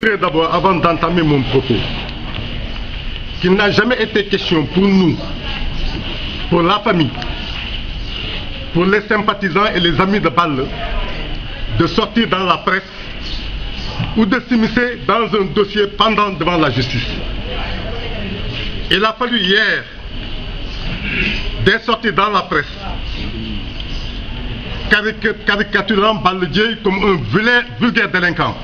D'abord, avant d'entamer mon propos, qu'il n'a jamais été question pour nous, pour la famille, pour les sympathisants et les amis de Balle, de sortir dans la presse ou de s'immiscer dans un dossier pendant devant la justice. Il a fallu hier des sorties dans la presse caricaturant Balle comme un vulgaire délinquant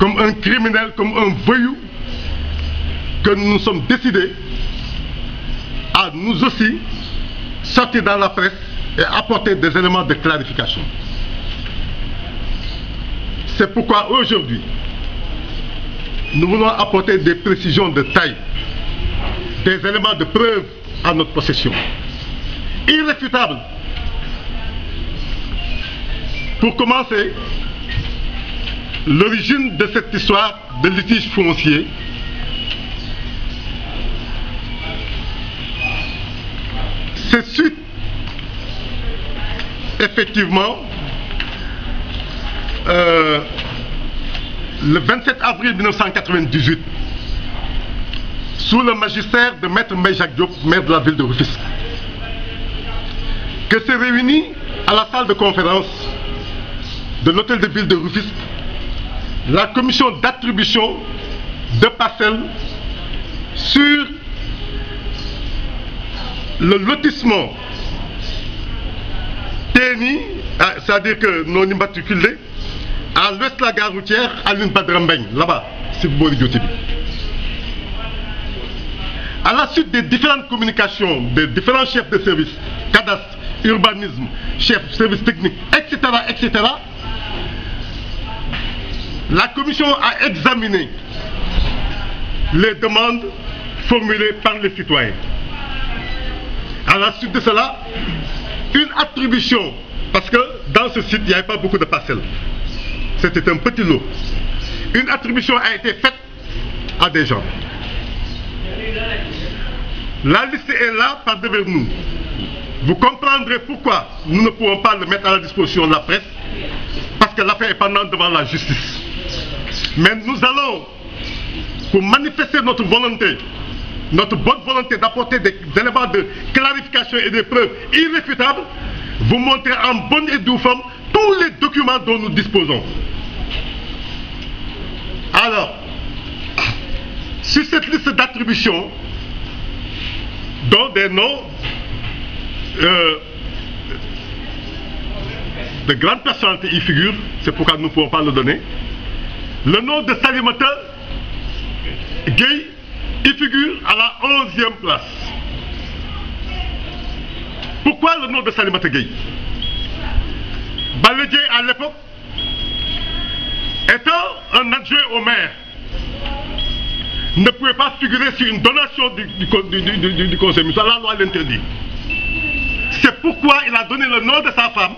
comme un criminel, comme un voyou, que nous sommes décidés à nous aussi sortir dans la presse et apporter des éléments de clarification. C'est pourquoi aujourd'hui, nous voulons apporter des précisions de taille, des éléments de preuve à notre possession, irréfutable Pour commencer, L'origine de cette histoire de litige foncier c'est suite effectivement euh, le 27 avril 1998 sous le magistère de Maître Jacques Diop, maire de la ville de Rufisque, que s'est réuni à la salle de conférence de l'hôtel de ville de Rufisque la commission d'attribution de parcelles sur le lotissement TNI, ah, c'est-à-dire que non immatriculé, à l'ouest de la gare routière, à l'Inbadrambeng, là-bas, c'est Boridiotibi. À la suite des différentes communications des différents chefs de service, cadastre, urbanisme, chef service technique, etc., etc., la commission a examiné les demandes formulées par les citoyens. À la suite de cela, une attribution, parce que dans ce site, il n'y avait pas beaucoup de parcelles. C'était un petit lot. Une attribution a été faite à des gens. La liste est là par devant nous. Vous comprendrez pourquoi nous ne pouvons pas le mettre à la disposition de la presse, parce que l'affaire est pendant devant la justice. Mais nous allons, pour manifester notre volonté, notre bonne volonté d'apporter des éléments de clarification et des preuves irréfutables, vous montrer en bonne et due forme tous les documents dont nous disposons. Alors, sur cette liste d'attribution, dont des noms euh, de grandes personnalités y figurent, c'est pourquoi nous ne pouvons pas le donner, le nom de Salimata Gay il figure à la 11e place. Pourquoi le nom de Salimata Gay Balégué à l'époque, étant un adjoint au maire, ne pouvait pas figurer sur une donation du, du conseil, mais la loi l'interdit. C'est pourquoi il a donné le nom de sa femme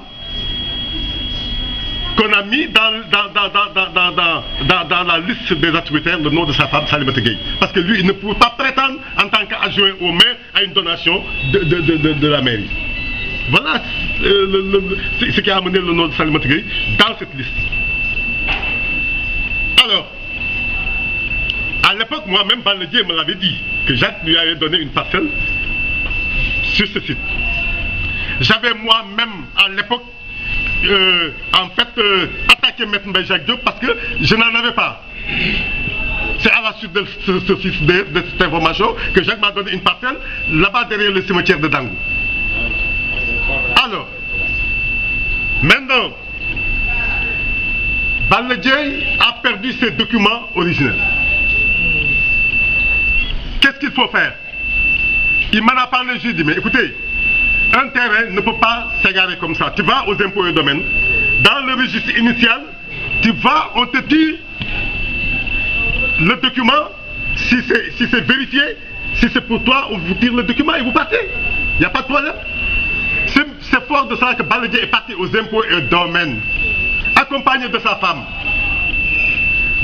qu'on a mis dans, dans, la liste des attributaires le nom de sa femme, Salim Parce que lui, il ne pouvait pas prétendre en tant qu'adjoint au maire à une donation de, la mairie. Voilà euh, ce qui a amené le nom de Salimatou Gueye dans cette liste. Alors, à l'époque, moi-même, Banadier me l'avait dit, que Jacques lui avait donné une parcelle sur ce site. J'avais moi-même, à l'époque, euh, en fait, euh, attaquer maintenant Jacques Diop parce que je n'en avais pas. C'est à la suite de, ce, de, de cette information que Jacques m'a donné une parcelle là-bas derrière le cimetière de Dangou. Alors, maintenant, Baladjei a perdu ses documents originels. Qu'est-ce qu'il faut faire Il m'en a parlé, j'ai dit, mais écoutez, un terrain ne peut pas s'égarer comme ça. Tu vas aux impôts et domaines, dans le registre initial, tu vas, on te dit le document, si c'est si vérifié, si c'est pour toi, on vous tire le document et vous partez. Il n'y a pas de problème. C'est fort de ça que Baladier est parti aux impôts et domaines, accompagné de sa femme.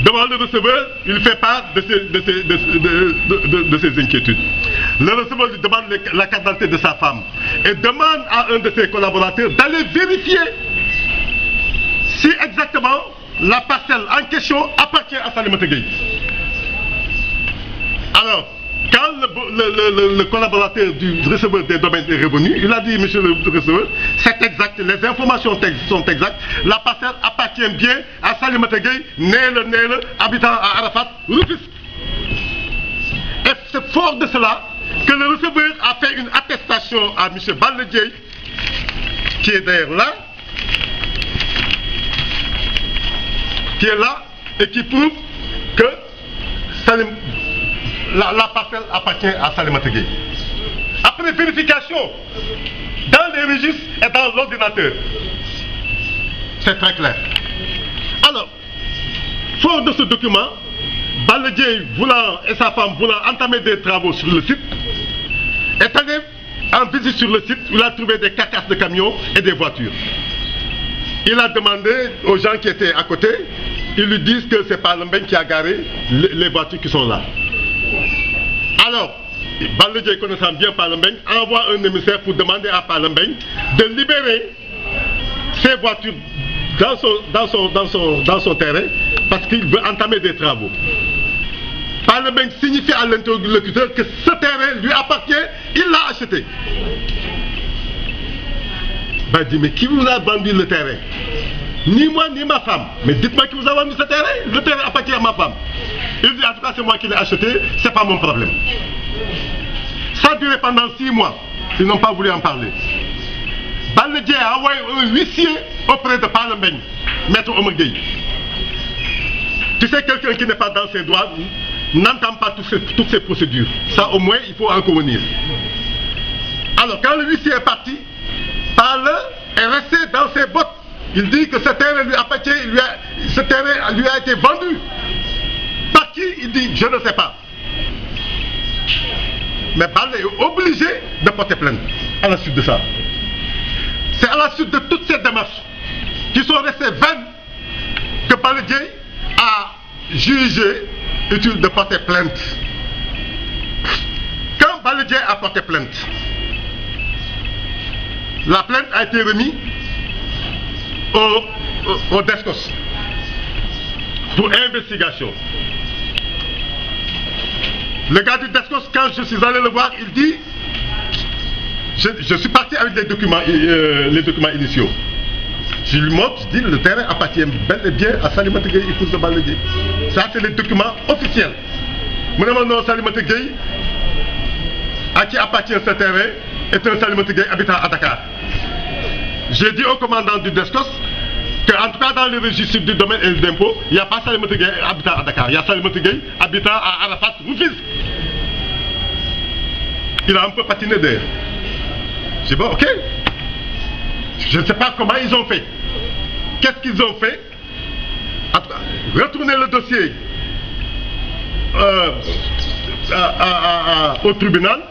Devant le receveur, il fait part de ses inquiétudes le receveur lui demande la carte de sa femme et demande à un de ses collaborateurs d'aller vérifier si exactement la parcelle en question appartient à Salim Alors, quand le, collaborateur du receveur des domaines est revenu, il a dit, monsieur le receveur, c'est exact, les informations sont exactes, la parcelle appartient bien à Salim Gueye, né le, né le, habitant à Arafat, Rufus. Et c'est fort de cela que le receveur a fait une attestation à M. Balnedjei, qui est d'ailleurs là, qui est là et qui prouve que la, parcelle appartient à Salim Après vérification, dans les registres et dans l'ordinateur, c'est très clair. Alors, fort de ce document, Baladjé voulant et sa femme voulant entamer des travaux sur le site, est allé en visite sur le site, il a trouvé des carcasses de camions et des voitures. Il a demandé aux gens qui étaient à côté, ils lui disent que c'est Palemben qui a garé les voitures qui sont là. Alors, Balle connaissant bien Palemben envoie un émissaire pour demander à Palemben de libérer ses voitures dans son terrain parce qu'il veut entamer des travaux. Parlement signifie à l'interlocuteur que ce terrain lui appartient, il l'a acheté. Il ben, dit, mais qui vous a vendu le terrain Ni moi, ni ma femme. Mais dites-moi qui vous a vendu ce terrain Le terrain appartient à ma femme. Il dit, en tout cas, c'est moi qui l'ai acheté, c'est pas mon problème. Ça a duré pendant six mois. Ils n'ont pas voulu en parler. Baladier a envoyé un huissier auprès de Parlement. maître Omegei. Tu sais, quelqu'un qui n'est pas dans ses droits, n'entend pas toutes ces, toutes ces procédures. Ça, au moins, il faut en convenir. Alors, quand le huissier est parti, Parle est resté dans ses bottes. Il dit que ce terrain lui lui a, ce terrain lui a été vendu. Par qui Il dit, je ne sais pas. Mais Parle est obligé de porter plainte à la suite de ça. C'est à la suite de toutes ces démarches qui sont restées vaines que Parle a jugé étude de porter plainte. Quand Baladier a porté plainte, la plainte a été remise au, DESCOS pour investigation. Le gars du DESCOS, quand je suis allé le voir, il dit je, suis parti avec les documents, euh, les documents initiaux. Je lui montre, je dis le terrain appartient bel et bien à Salimata et épouse Ça, c'est le document officiel. Mon nom Salimata Gueye, à qui appartient ce terrain, est un Salimata habitant à Dakar. J'ai dit au commandant du DESCOS que, en tout cas, dans le registre du domaine et impôts, il n'y a pas Salimotégué habitant à Dakar. Il y a Salimata habitant à Arafat Roufis. Il a un peu patiné d'air. J'ai bon, ok. Je ne sais pas comment ils ont fait. Qu'est-ce qu'ils ont fait Retourner le dossier euh, au tribunal.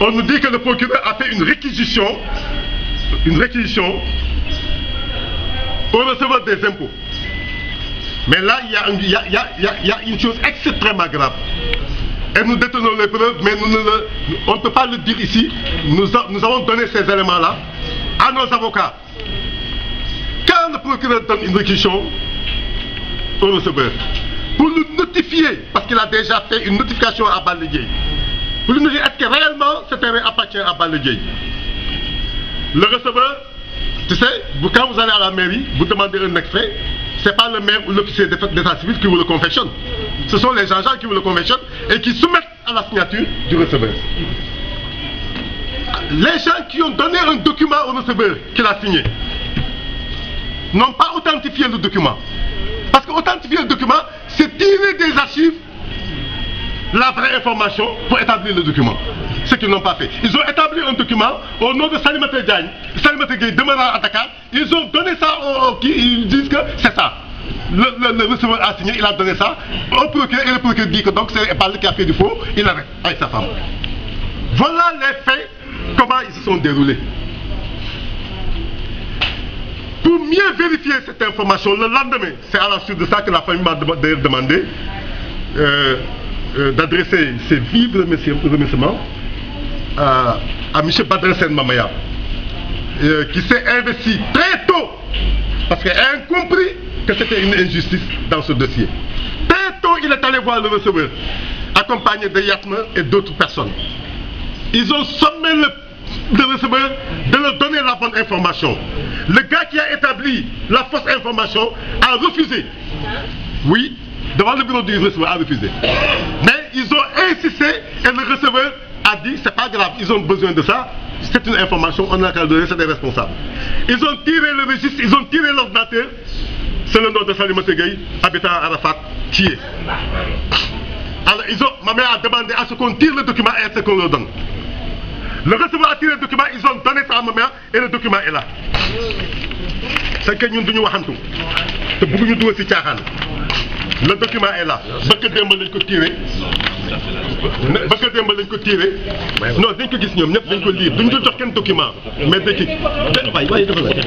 On nous dit que le procureur a fait une réquisition, une réquisition pour recevoir des impôts. Mais là, il y, a, une chose extrêmement grave. Et nous détenons les preuves, mais on ne peut pas le dire ici. nous avons donné ces éléments-là à nos avocats une réquisition au receveur. Pour nous notifier, parce qu'il a déjà fait une notification à Balaguer, pour nous dire est-ce que réellement ce terrain appartient à Balaguer. Le receveur, tu sais, quand vous allez à la mairie, vous demandez un extrait, c'est pas le même ou l'officier d'état civil qui vous le confectionne. Ce sont les gens qui vous le confectionnent et qui soumettent à la signature du receveur. Les gens qui ont donné un document au receveur qu'il a signé, n'ont pas authentifié le document. Parce qu'authentifier le document, c'est tirer des archives la vraie information pour établir le document. Ce qu'ils n'ont pas fait. Ils ont établi un document au nom de Salim Diagne. Salim Diagne demeurant à Dakar, ils ont donné ça au, qui ils disent que c'est ça. Le, receveur a signé, il a donné ça au procureur et le procureur dit que donc c'est par qui a fait du faux, il avait avec sa femme. Voilà les faits, comment ils se sont déroulés. Pour mieux vérifier cette information, le lendemain, c'est à la suite de ça que la famille m'a demandé euh, euh, d'adresser ses vives remerciements à, M. Badressen Mamaya, euh, qui s'est investi très tôt, parce qu'il a compris que c'était une injustice dans ce dossier. Très tôt, il est allé voir le receveur, accompagné de et d'autres personnes. Ils ont sommé le de recevoir de leur donner la bonne information. Le gars qui a établi la fausse information a refusé. Oui, devant le bureau du receveur, a refusé. Mais ils ont insisté et le receveur a dit, c'est pas grave, ils ont besoin de ça, c'est une information, on a qu'à donner, c'est des responsables. Ils ont tiré le registre, ils ont tiré l'ordinateur, c'est le nom de Salim habitant Arafat, qui est. Alors, ils ont, ma mère a demandé à ce qu'on tire le document et à ce qu'on le donne. la receveur a tiré le document, ils ont donné ça à ma mère et le document est là. C'est waxantu. Te bëgguñu dugal ci caaxaan. Le document est là. Bëkk démb lañ ko tiré. Bëkk démb lañ ko tiré. Non, dañ ko gis ñoom ñëpp dañ ko lire. Duñ dul jox kenn document. Mais dëkk.